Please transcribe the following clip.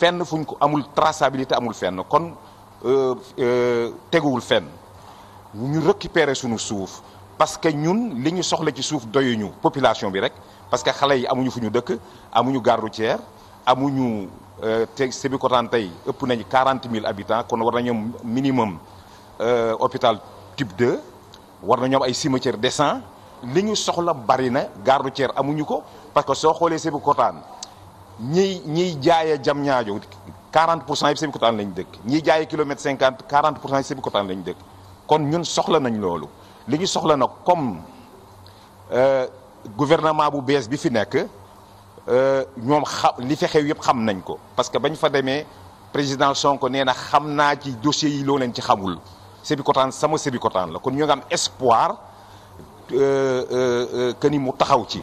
fenn fu ñu ko amul traçabilité amul fenn kon euh, euh, teguwul fenn ñu récupérer suñu suuf parce que ñun li ñu soxla ci suuf doyuñu population bi rek parce que xale yi amuñu fu ñu dëkk amuñu gare routière amuñu euh, te Sébikotane tey ëpp nañu quarante mille habitants kon war nañu minimum hôpital type 2 war nañu ay cimetière décent li ñu soxla bari na gare routière amuñu ko parce que soo xoolee Sébikotane ñiy ñiy jaayee jam ñaajo 40 pour cent yëpp Sébikotane lañ dëkk ñiy jaayee kilomètre 50 40 pour cent yëpp Sébikotane lañ dëkk kon ñun soxla nañ loolu li ñu soxla nag comme euh, gouvernement bu bees bi fi nekk euh, ñoom xam li fi xew yëpp xam nañ ko parce que bañ fa demee président Sonko nee na xam naa ci dossiers yi loo leen ci xamul Sébikotane sama Sébikotane la kon ñoo nga am espoir euh, que ni mu taxaw ci.